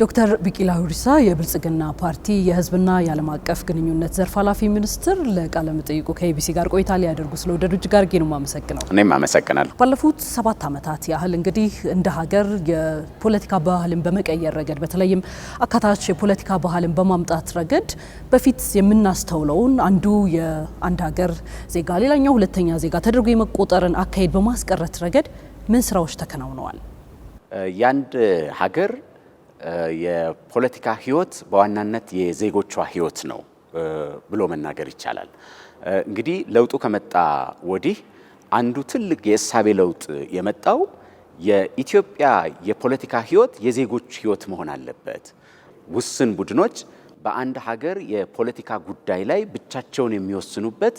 ዶክተር ቢቂላ ሁሪሳ የብልጽግና ፓርቲ የህዝብና የዓለም አቀፍ ግንኙነት ዘርፍ ኃላፊ ሚኒስትር ለቃለ መጠይቁ ከኤቢሲ ጋር ቆይታ ሊያደርጉ ስለወደዱ እጅግ አድርጌ ነው የማመሰግነው። እኔም አመሰግናለሁ። ባለፉት ሰባት ዓመታት ያህል እንግዲህ እንደ ሀገር የፖለቲካ ባህልን በመቀየር ረገድ በተለይም አካታች የፖለቲካ ባህልን በማምጣት ረገድ በፊት የምናስተውለውን አንዱ የአንድ ሀገር ዜጋ ሌላኛው ሁለተኛ ዜጋ ተደርጎ የመቆጠርን አካሄድ በማስቀረት ረገድ ምን ስራዎች ተከናውነዋል? የአንድ ሀገር የፖለቲካ ህይወት በዋናነት የዜጎቿ ህይወት ነው ብሎ መናገር ይቻላል። እንግዲህ ለውጡ ከመጣ ወዲህ አንዱ ትልቅ የእሳቤ ለውጥ የመጣው የኢትዮጵያ የፖለቲካ ህይወት የዜጎች ህይወት መሆን አለበት። ውስን ቡድኖች በአንድ ሀገር የፖለቲካ ጉዳይ ላይ ብቻቸውን የሚወስኑበት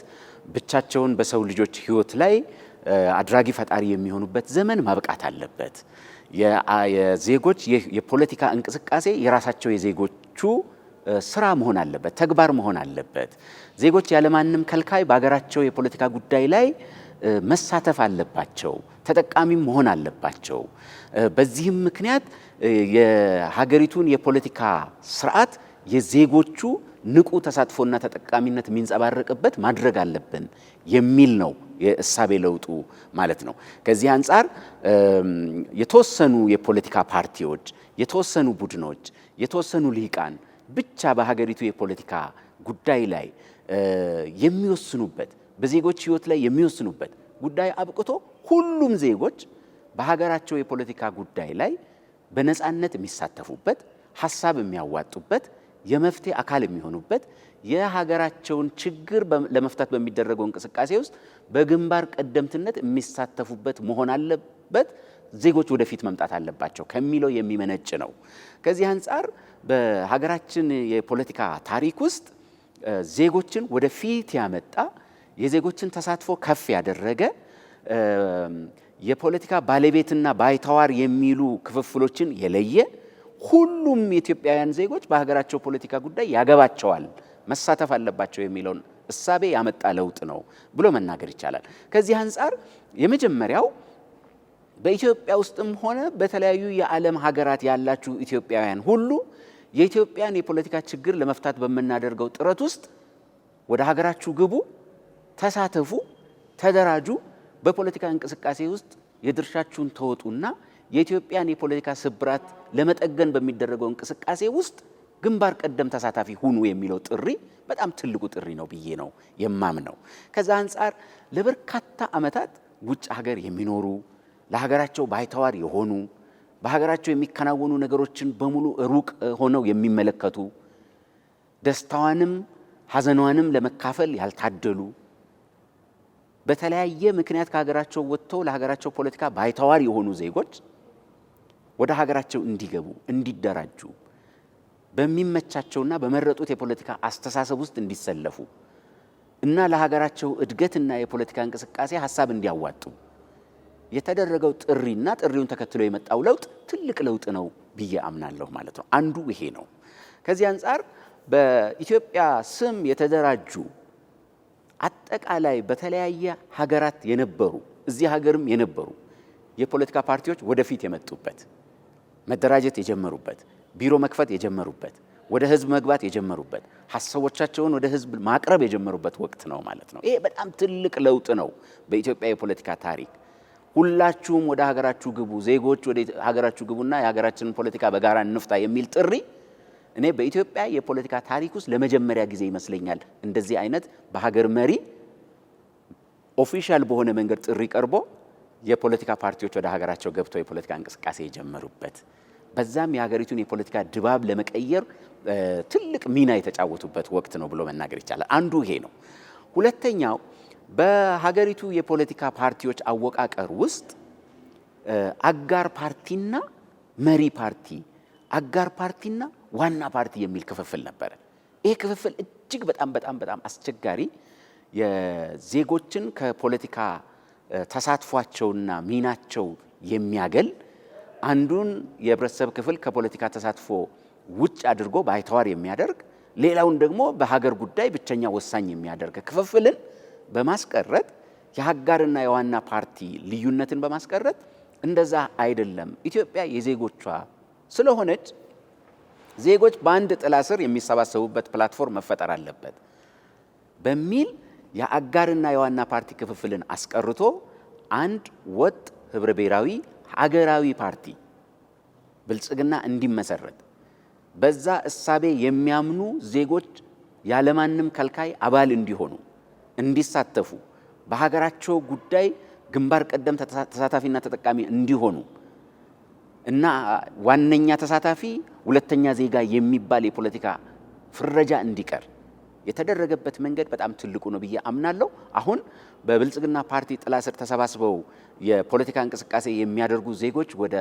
ብቻቸውን በሰው ልጆች ህይወት ላይ አድራጊ ፈጣሪ የሚሆኑበት ዘመን ማብቃት አለበት። የዜጎች የፖለቲካ እንቅስቃሴ የራሳቸው የዜጎቹ ስራ መሆን አለበት፣ ተግባር መሆን አለበት። ዜጎች ያለማንም ከልካይ በሀገራቸው የፖለቲካ ጉዳይ ላይ መሳተፍ አለባቸው፣ ተጠቃሚ መሆን አለባቸው። በዚህም ምክንያት የሀገሪቱን የፖለቲካ ስርዓት የዜጎቹ ንቁ ተሳትፎና ተጠቃሚነት የሚንጸባረቅበት ማድረግ አለብን የሚል ነው የእሳቤ ለውጡ ማለት ነው። ከዚህ አንጻር የተወሰኑ የፖለቲካ ፓርቲዎች፣ የተወሰኑ ቡድኖች፣ የተወሰኑ ልሂቃን ብቻ በሀገሪቱ የፖለቲካ ጉዳይ ላይ የሚወስኑበት በዜጎች ሕይወት ላይ የሚወስኑበት ጉዳይ አብቅቶ ሁሉም ዜጎች በሀገራቸው የፖለቲካ ጉዳይ ላይ በነፃነት የሚሳተፉበት ሀሳብ የሚያዋጡበት የመፍትሄ አካል የሚሆኑበት የሀገራቸውን ችግር ለመፍታት በሚደረገው እንቅስቃሴ ውስጥ በግንባር ቀደምትነት የሚሳተፉበት መሆን አለበት። ዜጎች ወደፊት መምጣት አለባቸው ከሚለው የሚመነጭ ነው። ከዚህ አንጻር በሀገራችን የፖለቲካ ታሪክ ውስጥ ዜጎችን ወደፊት ያመጣ የዜጎችን ተሳትፎ ከፍ ያደረገ የፖለቲካ ባለቤትና ባይተዋር የሚሉ ክፍፍሎችን የለየ ሁሉም የኢትዮጵያውያን ዜጎች በሀገራቸው ፖለቲካ ጉዳይ ያገባቸዋል፣ መሳተፍ አለባቸው የሚለውን እሳቤ ያመጣ ለውጥ ነው ብሎ መናገር ይቻላል። ከዚህ አንጻር የመጀመሪያው በኢትዮጵያ ውስጥም ሆነ በተለያዩ የዓለም ሀገራት ያላችሁ ኢትዮጵያውያን ሁሉ የኢትዮጵያን የፖለቲካ ችግር ለመፍታት በምናደርገው ጥረት ውስጥ ወደ ሀገራችሁ ግቡ፣ ተሳተፉ፣ ተደራጁ፣ በፖለቲካ እንቅስቃሴ ውስጥ የድርሻችሁን ተወጡና የኢትዮጵያን የፖለቲካ ስብራት ለመጠገን በሚደረገው እንቅስቃሴ ውስጥ ግንባር ቀደም ተሳታፊ ሁኑ የሚለው ጥሪ በጣም ትልቁ ጥሪ ነው ብዬ ነው የማምነው። ከዛ አንጻር ለበርካታ ዓመታት ውጭ ሀገር የሚኖሩ ለሀገራቸው ባይተዋር የሆኑ በሀገራቸው የሚከናወኑ ነገሮችን በሙሉ ሩቅ ሆነው የሚመለከቱ ደስታዋንም ሐዘኗንም ለመካፈል ያልታደሉ በተለያየ ምክንያት ከሀገራቸው ወጥተው ለሀገራቸው ፖለቲካ ባይተዋር የሆኑ ዜጎች ወደ ሀገራቸው እንዲገቡ እንዲደራጁ በሚመቻቸውና በመረጡት የፖለቲካ አስተሳሰብ ውስጥ እንዲሰለፉ እና ለሀገራቸው እድገትና የፖለቲካ እንቅስቃሴ ሀሳብ እንዲያዋጡ የተደረገው ጥሪና ጥሪውን ተከትሎ የመጣው ለውጥ ትልቅ ለውጥ ነው ብዬ አምናለሁ ማለት ነው። አንዱ ይሄ ነው። ከዚህ አንጻር በኢትዮጵያ ስም የተደራጁ አጠቃላይ በተለያየ ሀገራት የነበሩ እዚህ ሀገርም የነበሩ የፖለቲካ ፓርቲዎች ወደፊት የመጡበት መደራጀት የጀመሩበት፣ ቢሮ መክፈት የጀመሩበት፣ ወደ ህዝብ መግባት የጀመሩበት፣ ሀሳቦቻቸውን ወደ ህዝብ ማቅረብ የጀመሩበት ወቅት ነው ማለት ነው። ይሄ በጣም ትልቅ ለውጥ ነው በኢትዮጵያ የፖለቲካ ታሪክ። ሁላችሁም ወደ ሀገራችሁ ግቡ፣ ዜጎች ወደ ሀገራችሁ ግቡና የሀገራችንን ፖለቲካ በጋራ እንፍታ የሚል ጥሪ እኔ በኢትዮጵያ የፖለቲካ ታሪክ ውስጥ ለመጀመሪያ ጊዜ ይመስለኛል እንደዚህ አይነት በሀገር መሪ ኦፊሻል በሆነ መንገድ ጥሪ ቀርቦ የፖለቲካ ፓርቲዎች ወደ ሀገራቸው ገብተው የፖለቲካ እንቅስቃሴ የጀመሩበት በዛም የሀገሪቱን የፖለቲካ ድባብ ለመቀየር ትልቅ ሚና የተጫወቱበት ወቅት ነው ብሎ መናገር ይቻላል። አንዱ ይሄ ነው። ሁለተኛው በሀገሪቱ የፖለቲካ ፓርቲዎች አወቃቀር ውስጥ አጋር ፓርቲና መሪ ፓርቲ፣ አጋር ፓርቲና ዋና ፓርቲ የሚል ክፍፍል ነበረ። ይሄ ክፍፍል እጅግ በጣም በጣም በጣም አስቸጋሪ የዜጎችን ከፖለቲካ ተሳትፏቸውና ሚናቸው የሚያገል አንዱን የህብረተሰብ ክፍል ከፖለቲካ ተሳትፎ ውጭ አድርጎ ባይተዋር የሚያደርግ ሌላውን ደግሞ በሀገር ጉዳይ ብቸኛ ወሳኝ የሚያደርግ ክፍፍልን በማስቀረት የአጋርና የዋና ፓርቲ ልዩነትን በማስቀረት እንደዛ አይደለም። ኢትዮጵያ የዜጎቿ ስለሆነች ዜጎች በአንድ ጥላ ስር የሚሰባሰቡበት ፕላትፎርም መፈጠር አለበት በሚል የአጋርና የዋና ፓርቲ ክፍፍልን አስቀርቶ አንድ ወጥ ህብረ ብሔራዊ ሀገራዊ ፓርቲ ብልጽግና እንዲመሰረት በዛ እሳቤ የሚያምኑ ዜጎች ያለማንም ከልካይ አባል እንዲሆኑ እንዲሳተፉ በሀገራቸው ጉዳይ ግንባር ቀደም ተሳታፊና ተጠቃሚ እንዲሆኑ እና ዋነኛ ተሳታፊ ሁለተኛ ዜጋ የሚባል የፖለቲካ ፍረጃ እንዲቀር የተደረገበት መንገድ በጣም ትልቁ ነው ብዬ አምናለሁ። አሁን በብልጽግና ፓርቲ ጥላ ስር ተሰባስበው የፖለቲካ እንቅስቃሴ የሚያደርጉ ዜጎች ወደ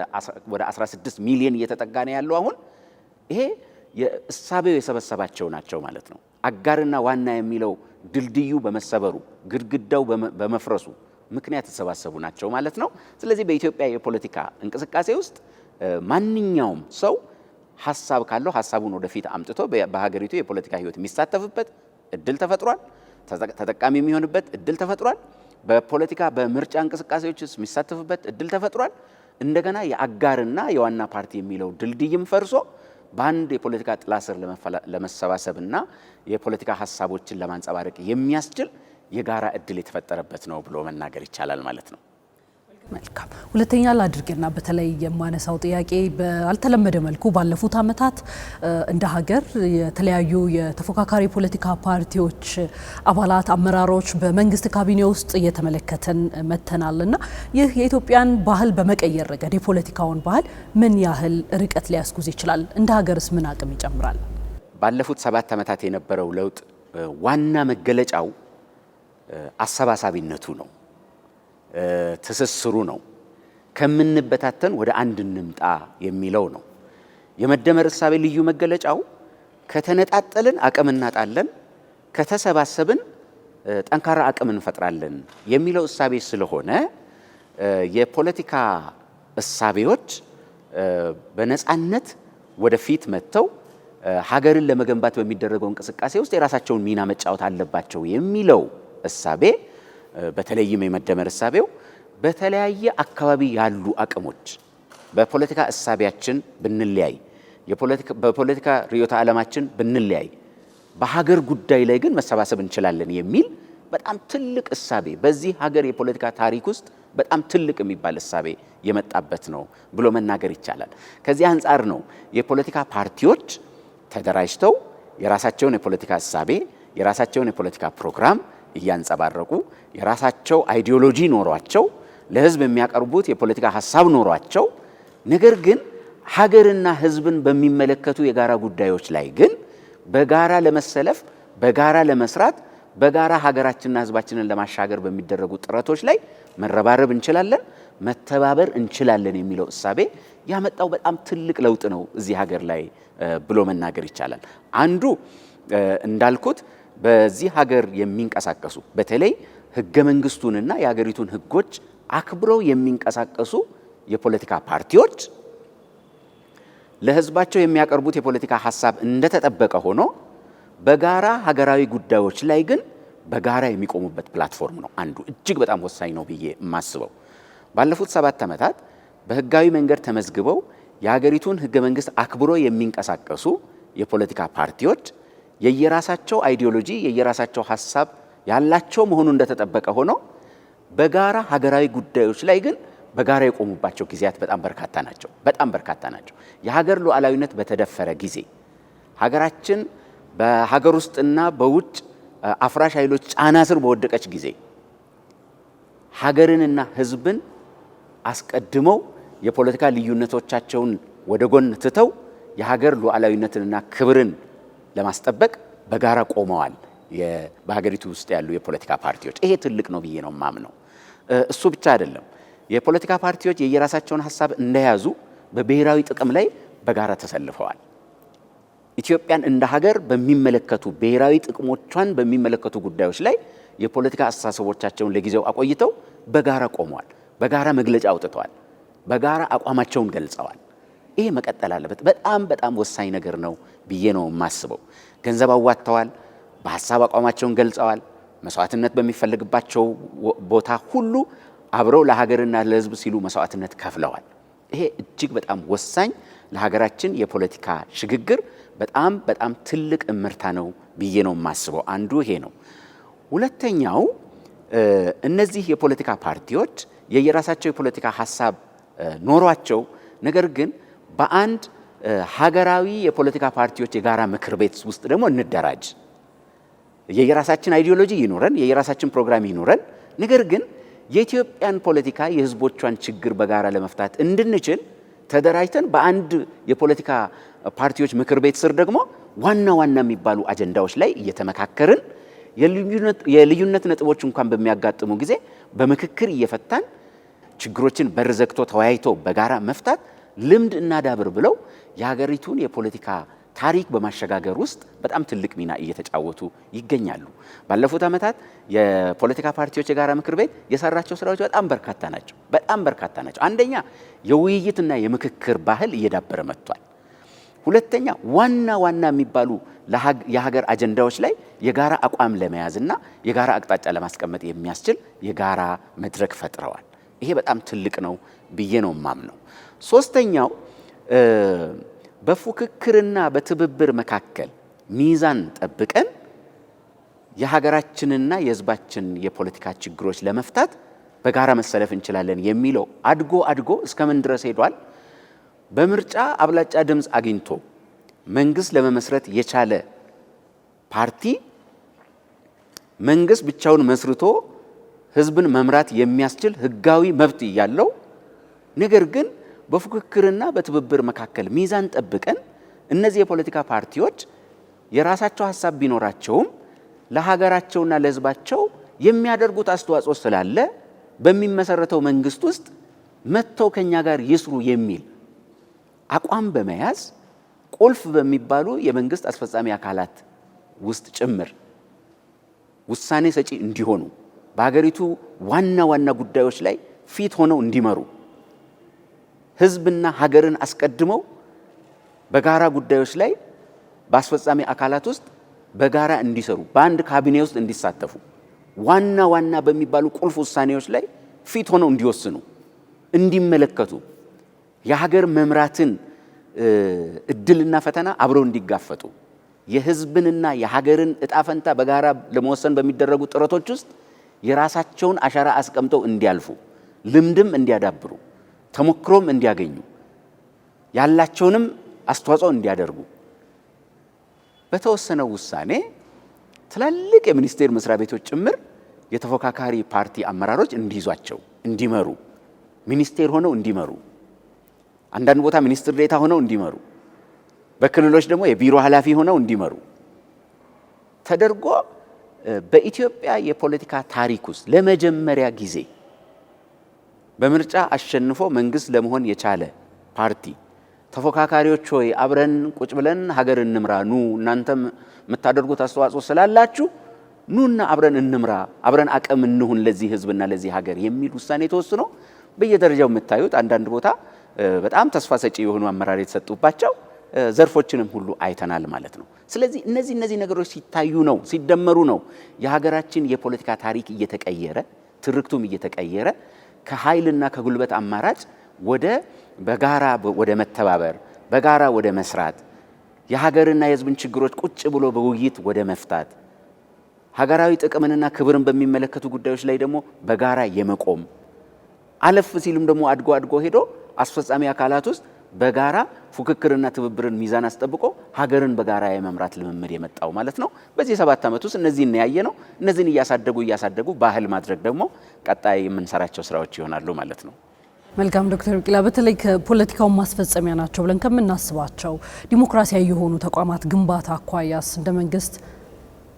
16 ሚሊዮን እየተጠጋ ነው ያለው። አሁን ይሄ የእሳቤው የሰበሰባቸው ናቸው ማለት ነው። አጋርና ዋና የሚለው ድልድዩ በመሰበሩ ግድግዳው በመፍረሱ ምክንያት የተሰባሰቡ ናቸው ማለት ነው። ስለዚህ በኢትዮጵያ የፖለቲካ እንቅስቃሴ ውስጥ ማንኛውም ሰው ሀሳብ ካለው ሀሳቡን ወደፊት አምጥቶ በሀገሪቱ የፖለቲካ ህይወት የሚሳተፍበት እድል ተፈጥሯል። ተጠቃሚ የሚሆንበት እድል ተፈጥሯል። በፖለቲካ በምርጫ እንቅስቃሴዎች ውስጥ የሚሳተፍበት እድል ተፈጥሯል። እንደገና የአጋርና የዋና ፓርቲ የሚለው ድልድይም ፈርሶ በአንድ የፖለቲካ ጥላ ስር ለመሰባሰብና የፖለቲካ ሀሳቦችን ለማንጸባረቅ የሚያስችል የጋራ እድል የተፈጠረበት ነው ብሎ መናገር ይቻላል ማለት ነው። መልካም ሁለተኛ ላድርግና በተለይ የማነሳው ጥያቄ ባልተለመደ መልኩ ባለፉት ዓመታት እንደ ሀገር የተለያዩ የተፎካካሪ ፖለቲካ ፓርቲዎች አባላት፣ አመራሮች በመንግስት ካቢኔ ውስጥ እየተመለከተን መተናል እና ይህ የኢትዮጵያን ባህል በመቀየር ረገድ የፖለቲካውን ባህል ምን ያህል ርቀት ሊያስጉዝ ይችላል? እንደ ሀገርስ ምን አቅም ይጨምራል? ባለፉት ሰባት ዓመታት የነበረው ለውጥ ዋና መገለጫው አሰባሳቢነቱ ነው። ትስስሩ ነው። ከምንበታተን ወደ አንድ እንምጣ የሚለው ነው። የመደመር እሳቤ ልዩ መገለጫው ከተነጣጠልን አቅም እናጣለን፣ ከተሰባሰብን ጠንካራ አቅም እንፈጥራለን የሚለው እሳቤ ስለሆነ የፖለቲካ እሳቤዎች በነፃነት ወደፊት መጥተው ሀገርን ለመገንባት በሚደረገው እንቅስቃሴ ውስጥ የራሳቸውን ሚና መጫወት አለባቸው የሚለው እሳቤ በተለይም የመደመር እሳቤው በተለያየ አካባቢ ያሉ አቅሞች በፖለቲካ እሳቤያችን ብንለያይ፣ በፖለቲካ ርዕዮተ ዓለማችን ብንለያይ፣ በሀገር ጉዳይ ላይ ግን መሰባሰብ እንችላለን የሚል በጣም ትልቅ እሳቤ በዚህ ሀገር የፖለቲካ ታሪክ ውስጥ በጣም ትልቅ የሚባል እሳቤ የመጣበት ነው ብሎ መናገር ይቻላል። ከዚህ አንጻር ነው የፖለቲካ ፓርቲዎች ተደራጅተው የራሳቸውን የፖለቲካ እሳቤ የራሳቸውን የፖለቲካ ፕሮግራም እያንጸባረቁ የራሳቸው አይዲዮሎጂ ኖሯቸው ለህዝብ የሚያቀርቡት የፖለቲካ ሀሳብ ኖሯቸው ነገር ግን ሀገርና ህዝብን በሚመለከቱ የጋራ ጉዳዮች ላይ ግን በጋራ ለመሰለፍ በጋራ ለመስራት በጋራ ሀገራችንና ህዝባችንን ለማሻገር በሚደረጉ ጥረቶች ላይ መረባረብ እንችላለን፣ መተባበር እንችላለን የሚለው እሳቤ ያመጣው በጣም ትልቅ ለውጥ ነው እዚህ ሀገር ላይ ብሎ መናገር ይቻላል። አንዱ እንዳልኩት በዚህ ሀገር የሚንቀሳቀሱ በተለይ ህገ መንግስቱንና የሀገሪቱን ህጎች አክብረው የሚንቀሳቀሱ የፖለቲካ ፓርቲዎች ለህዝባቸው የሚያቀርቡት የፖለቲካ ሀሳብ እንደተጠበቀ ሆኖ በጋራ ሀገራዊ ጉዳዮች ላይ ግን በጋራ የሚቆሙበት ፕላትፎርም ነው። አንዱ እጅግ በጣም ወሳኝ ነው ብዬ የማስበው ባለፉት ሰባት ዓመታት በህጋዊ መንገድ ተመዝግበው የሀገሪቱን ህገ መንግስት አክብሮ የሚንቀሳቀሱ የፖለቲካ ፓርቲዎች የየራሳቸው አይዲዮሎጂ፣ የየራሳቸው ሀሳብ ያላቸው መሆኑ እንደተጠበቀ ሆኖ በጋራ ሀገራዊ ጉዳዮች ላይ ግን በጋራ የቆሙባቸው ጊዜያት በጣም በርካታ ናቸው። በጣም በርካታ ናቸው። የሀገር ሉዓላዊነት በተደፈረ ጊዜ ሀገራችን በሀገር ውስጥና በውጭ አፍራሽ ኃይሎች ጫና ስር በወደቀች ጊዜ ሀገርንና ሕዝብን አስቀድመው የፖለቲካ ልዩነቶቻቸውን ወደ ጎን ትተው የሀገር ሉዓላዊነትንና ክብርን ለማስጠበቅ በጋራ ቆመዋል። በሀገሪቱ ውስጥ ያሉ የፖለቲካ ፓርቲዎች ይሄ ትልቅ ነው ብዬ ነው ማምነው። እሱ ብቻ አይደለም። የፖለቲካ ፓርቲዎች የየራሳቸውን ሀሳብ እንደያዙ በብሔራዊ ጥቅም ላይ በጋራ ተሰልፈዋል። ኢትዮጵያን እንደ ሀገር በሚመለከቱ ብሔራዊ ጥቅሞቿን በሚመለከቱ ጉዳዮች ላይ የፖለቲካ አስተሳሰቦቻቸውን ለጊዜው አቆይተው በጋራ ቆመዋል። በጋራ መግለጫ አውጥተዋል። በጋራ አቋማቸውን ገልጸዋል። ይሄ መቀጠል አለበት። በጣም በጣም ወሳኝ ነገር ነው ብዬ ነው የማስበው። ገንዘብ አዋጥተዋል። በሀሳብ አቋማቸውን ገልጸዋል። መስዋዕትነት በሚፈልግባቸው ቦታ ሁሉ አብረው ለሀገርና ለሕዝብ ሲሉ መስዋዕትነት ከፍለዋል። ይሄ እጅግ በጣም ወሳኝ ለሀገራችን የፖለቲካ ሽግግር በጣም በጣም ትልቅ እምርታ ነው ብዬ ነው የማስበው። አንዱ ይሄ ነው። ሁለተኛው እነዚህ የፖለቲካ ፓርቲዎች የየራሳቸው የፖለቲካ ሀሳብ ኖሯቸው ነገር ግን በአንድ ሀገራዊ የፖለቲካ ፓርቲዎች የጋራ ምክር ቤት ውስጥ ደግሞ እንደራጅ የየራሳችን አይዲዮሎጂ ይኖረን የየራሳችን ፕሮግራም ይኖረን ነገር ግን የኢትዮጵያን ፖለቲካ የህዝቦቿን ችግር በጋራ ለመፍታት እንድንችል ተደራጅተን በአንድ የፖለቲካ ፓርቲዎች ምክር ቤት ስር ደግሞ ዋና ዋና የሚባሉ አጀንዳዎች ላይ እየተመካከርን የልዩነት ነጥቦች እንኳን በሚያጋጥሙ ጊዜ በምክክር እየፈታን ችግሮችን በር ዘግቶ ተወያይቶ በጋራ መፍታት ልምድ እናዳብር ብለው የሀገሪቱን የፖለቲካ ታሪክ በማሸጋገር ውስጥ በጣም ትልቅ ሚና እየተጫወቱ ይገኛሉ። ባለፉት ዓመታት የፖለቲካ ፓርቲዎች የጋራ ምክር ቤት የሰራቸው ስራዎች በጣም በርካታ ናቸው። በጣም በርካታ ናቸው። አንደኛ የውይይትና የምክክር ባህል እየዳበረ መጥቷል። ሁለተኛ ዋና ዋና የሚባሉ የሀገር አጀንዳዎች ላይ የጋራ አቋም ለመያዝ የጋራ አቅጣጫ ለማስቀመጥ የሚያስችል የጋራ መድረክ ፈጥረዋል። ይሄ በጣም ትልቅ ነው ብዬ ነው ማምነው። ሶስተኛው በፉክክርና በትብብር መካከል ሚዛን ጠብቀን የሀገራችንና የሕዝባችን የፖለቲካ ችግሮች ለመፍታት በጋራ መሰለፍ እንችላለን የሚለው አድጎ አድጎ እስከምን ድረስ ሄዷል? በምርጫ አብላጫ ድምፅ አግኝቶ መንግስት ለመመስረት የቻለ ፓርቲ መንግስት ብቻውን መስርቶ ህዝብን መምራት የሚያስችል ህጋዊ መብት እያለው ነገር ግን በፉክክርና በትብብር መካከል ሚዛን ጠብቀን እነዚህ የፖለቲካ ፓርቲዎች የራሳቸው ሀሳብ ቢኖራቸውም ለሀገራቸውና ለሕዝባቸው የሚያደርጉት አስተዋጽኦ ስላለ በሚመሰረተው መንግስት ውስጥ መጥተው ከኛ ጋር ይስሩ የሚል አቋም በመያዝ ቁልፍ በሚባሉ የመንግስት አስፈጻሚ አካላት ውስጥ ጭምር ውሳኔ ሰጪ እንዲሆኑ በሀገሪቱ ዋና ዋና ጉዳዮች ላይ ፊት ሆነው እንዲመሩ ህዝብና ሀገርን አስቀድመው በጋራ ጉዳዮች ላይ በአስፈጻሚ አካላት ውስጥ በጋራ እንዲሰሩ፣ በአንድ ካቢኔ ውስጥ እንዲሳተፉ፣ ዋና ዋና በሚባሉ ቁልፍ ውሳኔዎች ላይ ፊት ሆነው እንዲወስኑ፣ እንዲመለከቱ፣ የሀገር መምራትን እድልና ፈተና አብረው እንዲጋፈጡ፣ የህዝብንና የሀገርን እጣ ፈንታ በጋራ ለመወሰን በሚደረጉ ጥረቶች ውስጥ የራሳቸውን አሻራ አስቀምጠው እንዲያልፉ፣ ልምድም እንዲያዳብሩ ተሞክሮም እንዲያገኙ ያላቸውንም አስተዋጽኦ እንዲያደርጉ በተወሰነው ውሳኔ ትላልቅ የሚኒስቴር መስሪያ ቤቶች ጭምር የተፎካካሪ ፓርቲ አመራሮች እንዲይዟቸው እንዲመሩ ሚኒስቴር ሆነው እንዲመሩ አንዳንድ ቦታ ሚኒስትር ዴታ ሆነው እንዲመሩ በክልሎች ደግሞ የቢሮ ኃላፊ ሆነው እንዲመሩ ተደርጎ በኢትዮጵያ የፖለቲካ ታሪክ ውስጥ ለመጀመሪያ ጊዜ በምርጫ አሸንፎ መንግስት ለመሆን የቻለ ፓርቲ ተፎካካሪዎች ሆይ አብረን ቁጭ ብለን ሀገር እንምራ ኑ እናንተም የምታደርጉት አስተዋጽኦ ስላላችሁ ኑና አብረን እንምራ አብረን አቅም እንሁን ለዚህ ህዝብና ለዚህ ሀገር የሚል ውሳኔ ተወስኖ በየደረጃው የምታዩት አንዳንድ ቦታ በጣም ተስፋ ሰጪ የሆኑ አመራር የተሰጡባቸው ዘርፎችንም ሁሉ አይተናል ማለት ነው። ስለዚህ እነዚህ እነዚህ ነገሮች ሲታዩ ነው ሲደመሩ ነው የሀገራችን የፖለቲካ ታሪክ እየተቀየረ ትርክቱም እየተቀየረ ከኃይልና ከጉልበት አማራጭ ወደ በጋራ ወደ መተባበር በጋራ ወደ መስራት የሀገርና የሕዝብን ችግሮች ቁጭ ብሎ በውይይት ወደ መፍታት ሀገራዊ ጥቅምንና ክብርን በሚመለከቱ ጉዳዮች ላይ ደግሞ በጋራ የመቆም አለፍ ሲልም ደግሞ አድጎ አድጎ ሄዶ አስፈጻሚ አካላት ውስጥ በጋራ ፉክክርና ትብብርን ሚዛን አስጠብቆ ሀገርን በጋራ የመምራት ልምምድ የመጣው ማለት ነው። በዚህ ሰባት ዓመት ውስጥ እነዚህን ያየ ነው። እነዚህን እያሳደጉ እያሳደጉ ባህል ማድረግ ደግሞ ቀጣይ የምንሰራቸው ስራዎች ይሆናሉ ማለት ነው። መልካም ዶክተር ቢቂላ በተለይ ከፖለቲካውን ማስፈጸሚያ ናቸው ብለን ከምናስባቸው ዲሞክራሲያዊ የሆኑ ተቋማት ግንባታ አኳያስ እንደ መንግስት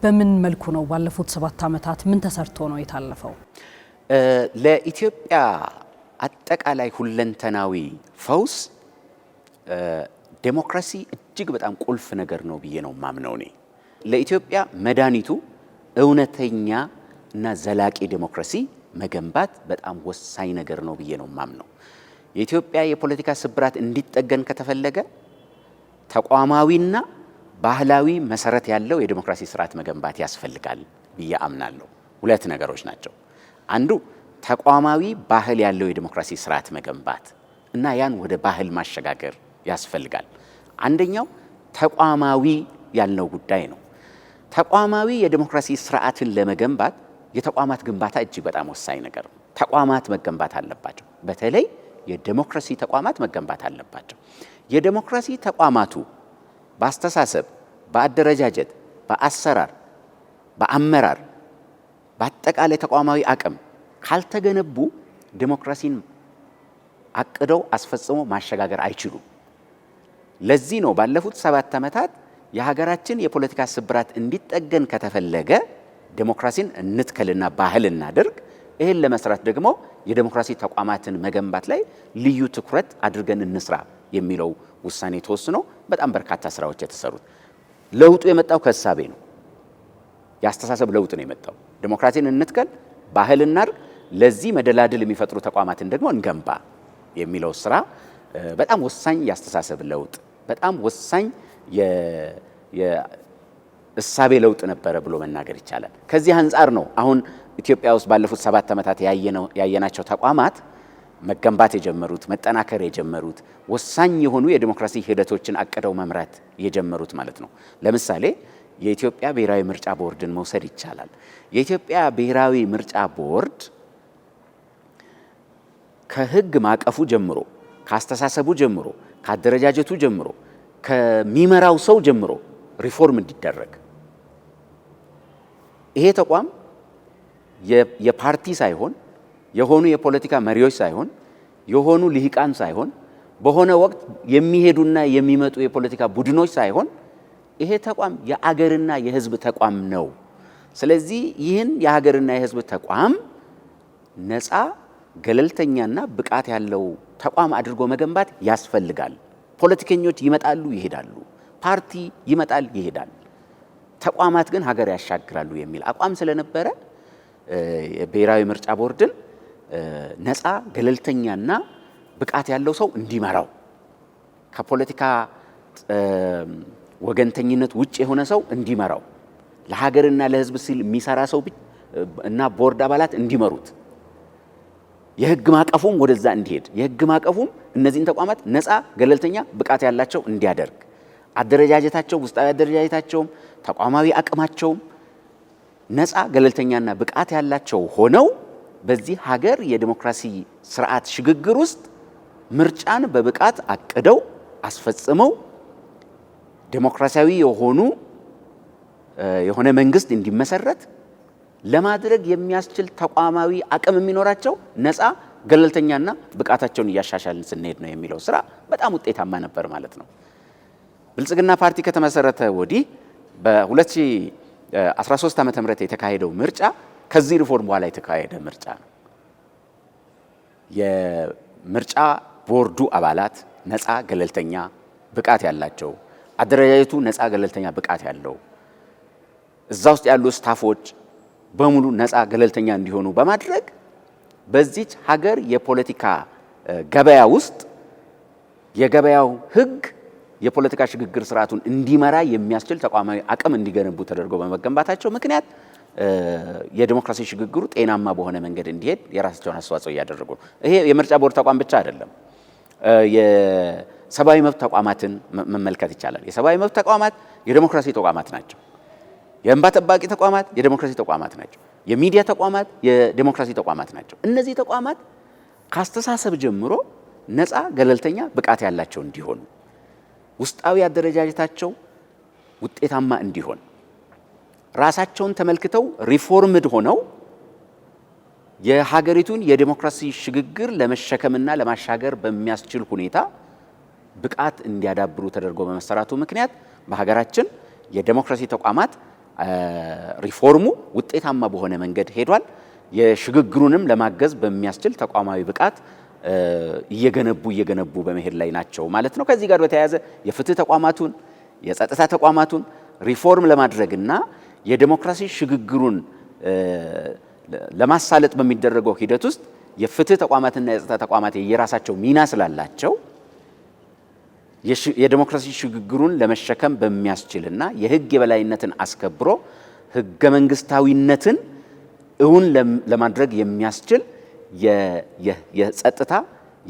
በምን መልኩ ነው ባለፉት ሰባት ዓመታት ምን ተሰርቶ ነው የታለፈው? ለኢትዮጵያ አጠቃላይ ሁለንተናዊ ፈውስ ዴሞክራሲ እጅግ በጣም ቁልፍ ነገር ነው ብዬ ነው ማምነው። እኔ ለኢትዮጵያ መድኃኒቱ እውነተኛ እና ዘላቂ ዴሞክራሲ መገንባት በጣም ወሳኝ ነገር ነው ብዬ ነው ማምነው። የኢትዮጵያ የፖለቲካ ስብራት እንዲጠገን ከተፈለገ ተቋማዊና ባህላዊ መሰረት ያለው የዲሞክራሲ ስርዓት መገንባት ያስፈልጋል ብዬ አምናለሁ። ሁለት ነገሮች ናቸው። አንዱ ተቋማዊ ባህል ያለው የዲሞክራሲ ስርዓት መገንባት እና ያን ወደ ባህል ማሸጋገር ያስፈልጋል። አንደኛው ተቋማዊ ያልነው ጉዳይ ነው። ተቋማዊ የዲሞክራሲ ስርዓትን ለመገንባት የተቋማት ግንባታ እጅግ በጣም ወሳኝ ነገር ነው። ተቋማት መገንባት አለባቸው። በተለይ የዲሞክራሲ ተቋማት መገንባት አለባቸው። የዲሞክራሲ ተቋማቱ በአስተሳሰብ፣ በአደረጃጀት፣ በአሰራር፣ በአመራር፣ በአጠቃላይ ተቋማዊ አቅም ካልተገነቡ ዲሞክራሲን አቅደው አስፈጽሞ ማሸጋገር አይችሉም። ለዚህ ነው ባለፉት ሰባት ዓመታት የሀገራችን የፖለቲካ ስብራት እንዲጠገን ከተፈለገ ዴሞክራሲን እንትከልና ባህል እናድርግ። ይህን ለመስራት ደግሞ የዴሞክራሲ ተቋማትን መገንባት ላይ ልዩ ትኩረት አድርገን እንስራ የሚለው ውሳኔ ተወስኖ በጣም በርካታ ስራዎች የተሰሩት። ለውጡ የመጣው ከእሳቤ ነው። የአስተሳሰብ ለውጥ ነው የመጣው። ዴሞክራሲን እንትከል፣ ባህል እናድርግ፣ ለዚህ መደላድል የሚፈጥሩ ተቋማትን ደግሞ እንገንባ የሚለው ስራ በጣም ወሳኝ የአስተሳሰብ ለውጥ በጣም ወሳኝ የእሳቤ ለውጥ ነበረ ብሎ መናገር ይቻላል። ከዚህ አንጻር ነው አሁን ኢትዮጵያ ውስጥ ባለፉት ሰባት ዓመታት ያየናቸው ተቋማት መገንባት የጀመሩት መጠናከር የጀመሩት ወሳኝ የሆኑ የዲሞክራሲ ሂደቶችን አቅደው መምራት የጀመሩት ማለት ነው። ለምሳሌ የኢትዮጵያ ብሔራዊ ምርጫ ቦርድን መውሰድ ይቻላል። የኢትዮጵያ ብሔራዊ ምርጫ ቦርድ ከህግ ማዕቀፉ ጀምሮ ከአስተሳሰቡ ጀምሮ ከአደረጃጀቱ ጀምሮ ከሚመራው ሰው ጀምሮ ሪፎርም እንዲደረግ ይሄ ተቋም የፓርቲ ሳይሆን የሆኑ የፖለቲካ መሪዎች ሳይሆን የሆኑ ልሂቃን ሳይሆን በሆነ ወቅት የሚሄዱና የሚመጡ የፖለቲካ ቡድኖች ሳይሆን ይሄ ተቋም የአገርና የሕዝብ ተቋም ነው። ስለዚህ ይህን የሀገርና የሕዝብ ተቋም ነፃ ገለልተኛና ብቃት ያለው ተቋም አድርጎ መገንባት ያስፈልጋል። ፖለቲከኞች ይመጣሉ ይሄዳሉ፣ ፓርቲ ይመጣል ይሄዳል። ተቋማት ግን ሀገር ያሻግራሉ የሚል አቋም ስለነበረ የብሔራዊ ምርጫ ቦርድን ነፃ ገለልተኛና ብቃት ያለው ሰው እንዲመራው ከፖለቲካ ወገንተኝነት ውጭ የሆነ ሰው እንዲመራው ለሀገርና ለሕዝብ ሲል የሚሰራ ሰው እና ቦርድ አባላት እንዲመሩት የህግ ማቀፉም ወደዛ እንዲሄድ የህግ ማቀፉም እነዚህን ተቋማት ነፃ፣ ገለልተኛ፣ ብቃት ያላቸው እንዲያደርግ አደረጃጀታቸው፣ ውስጣዊ አደረጃጀታቸውም ተቋማዊ አቅማቸውም ነፃ፣ ገለልተኛና ብቃት ያላቸው ሆነው በዚህ ሀገር የዲሞክራሲ ስርዓት ሽግግር ውስጥ ምርጫን በብቃት አቅደው አስፈጽመው ዲሞክራሲያዊ የሆኑ የሆነ መንግስት እንዲመሰረት ለማድረግ የሚያስችል ተቋማዊ አቅም የሚኖራቸው ነፃ ገለልተኛና ብቃታቸውን እያሻሻልን ስንሄድ ነው የሚለው ስራ በጣም ውጤታማ ነበር ማለት ነው። ብልጽግና ፓርቲ ከተመሰረተ ወዲህ በ2013 ዓ ም የተካሄደው ምርጫ ከዚህ ሪፎርም በኋላ የተካሄደ ምርጫ ነው። የምርጫ ቦርዱ አባላት ነፃ ገለልተኛ ብቃት ያላቸው፣ አደረጃጀቱ ነፃ ገለልተኛ ብቃት ያለው፣ እዛ ውስጥ ያሉ ስታፎች በሙሉ ነፃ ገለልተኛ እንዲሆኑ በማድረግ በዚች ሀገር የፖለቲካ ገበያ ውስጥ የገበያው ህግ የፖለቲካ ሽግግር ስርዓቱን እንዲመራ የሚያስችል ተቋማዊ አቅም እንዲገነቡ ተደርጎ በመገንባታቸው ምክንያት የዲሞክራሲ ሽግግሩ ጤናማ በሆነ መንገድ እንዲሄድ የራሳቸውን አስተዋጽኦ እያደረጉ ነው። ይሄ የምርጫ ቦርድ ተቋም ብቻ አይደለም። የሰብአዊ መብት ተቋማትን መመልከት ይቻላል። የሰብአዊ መብት ተቋማት የዲሞክራሲ ተቋማት ናቸው። የእንባ ጠባቂ ተቋማት የዴሞክራሲ ተቋማት ናቸው። የሚዲያ ተቋማት የዴሞክራሲ ተቋማት ናቸው። እነዚህ ተቋማት ካስተሳሰብ ጀምሮ ነፃ፣ ገለልተኛ፣ ብቃት ያላቸው እንዲሆኑ ውስጣዊ አደረጃጀታቸው ውጤታማ እንዲሆን ራሳቸውን ተመልክተው ሪፎርምድ ሆነው የሀገሪቱን የዴሞክራሲ ሽግግር ለመሸከምና ለማሻገር በሚያስችል ሁኔታ ብቃት እንዲያዳብሩ ተደርጎ በመሰራቱ ምክንያት በሀገራችን የዴሞክራሲ ተቋማት ሪፎርሙ ውጤታማ በሆነ መንገድ ሄዷል። የሽግግሩንም ለማገዝ በሚያስችል ተቋማዊ ብቃት እየገነቡ እየገነቡ በመሄድ ላይ ናቸው ማለት ነው። ከዚህ ጋር በተያያዘ የፍትህ ተቋማቱን የጸጥታ ተቋማቱን ሪፎርም ለማድረግና የዴሞክራሲ ሽግግሩን ለማሳለጥ በሚደረገው ሂደት ውስጥ የፍትህ ተቋማትና የጸጥታ ተቋማት የየራሳቸው ሚና ስላላቸው የዲሞክራሲ ሽግግሩን ለመሸከም በሚያስችልና የህግ የበላይነትን አስከብሮ ህገ መንግስታዊነትን እውን ለማድረግ የሚያስችል የጸጥታ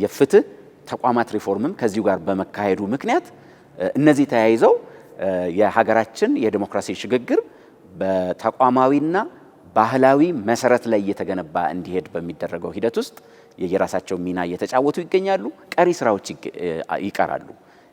የፍትህ ተቋማት ሪፎርምም ከዚሁ ጋር በመካሄዱ ምክንያት እነዚህ ተያይዘው የሀገራችን የዲሞክራሲ ሽግግር በተቋማዊና ባህላዊ መሰረት ላይ እየተገነባ እንዲሄድ በሚደረገው ሂደት ውስጥ የየራሳቸው ሚና እየተጫወቱ ይገኛሉ። ቀሪ ስራዎች ይቀራሉ።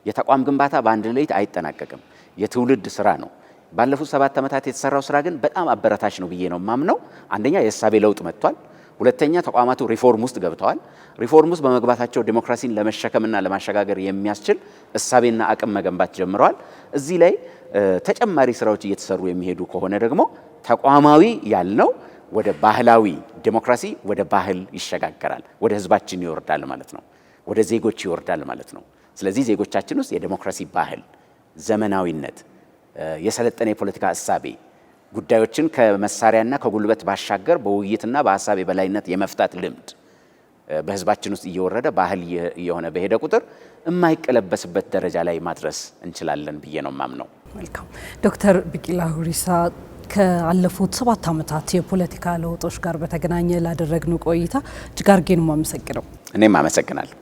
የተቋም ግንባታ በአንድ ሌሊት አይጠናቀቅም። የትውልድ ስራ ነው። ባለፉት ሰባት ዓመታት የተሰራው ስራ ግን በጣም አበረታች ነው ብዬ ነው ማምነው። አንደኛ የእሳቤ ለውጥ መጥቷል። ሁለተኛ ተቋማቱ ሪፎርም ውስጥ ገብተዋል። ሪፎርም ውስጥ በመግባታቸው ዴሞክራሲን ለመሸከምና ለማሸጋገር የሚያስችል እሳቤና አቅም መገንባት ጀምረዋል። እዚህ ላይ ተጨማሪ ስራዎች እየተሰሩ የሚሄዱ ከሆነ ደግሞ ተቋማዊ ያልነው ወደ ባህላዊ ዴሞክራሲ ወደ ባህል ይሸጋገራል፣ ወደ ህዝባችን ይወርዳል ማለት ነው፣ ወደ ዜጎች ይወርዳል ማለት ነው። ስለዚህ ዜጎቻችን ውስጥ የዴሞክራሲ ባህል፣ ዘመናዊነት፣ የሰለጠነ የፖለቲካ እሳቤ ጉዳዮችን ከመሳሪያና ከጉልበት ባሻገር በውይይትና በሀሳብ የበላይነት የመፍታት ልምድ በህዝባችን ውስጥ እየወረደ ባህል እየሆነ በሄደ ቁጥር የማይቀለበስበት ደረጃ ላይ ማድረስ እንችላለን ብዬ ነው የማምነው። መልካም ዶክተር ቢቂላ ሁሪሳ ከአለፉት ሰባት ዓመታት የፖለቲካ ለውጦች ጋር በተገናኘ ላደረግነው ቆይታ እጅግ አድርጌ ነው የማመሰግነው። እኔም አመሰግናለሁ።